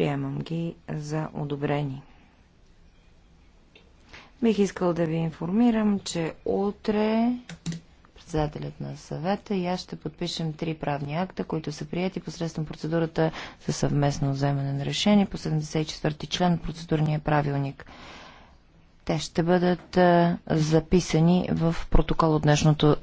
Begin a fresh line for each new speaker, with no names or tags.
Приемам ги за одобрени. Бих искал да ви информирам, че утре председателят на съвета и аз ще подпишем три правни акта, които са прияти посредством процедурата за съвместно вземане на решение по 74-ти член от процедурния правилник. Те ще бъдат записани в протокол от днешното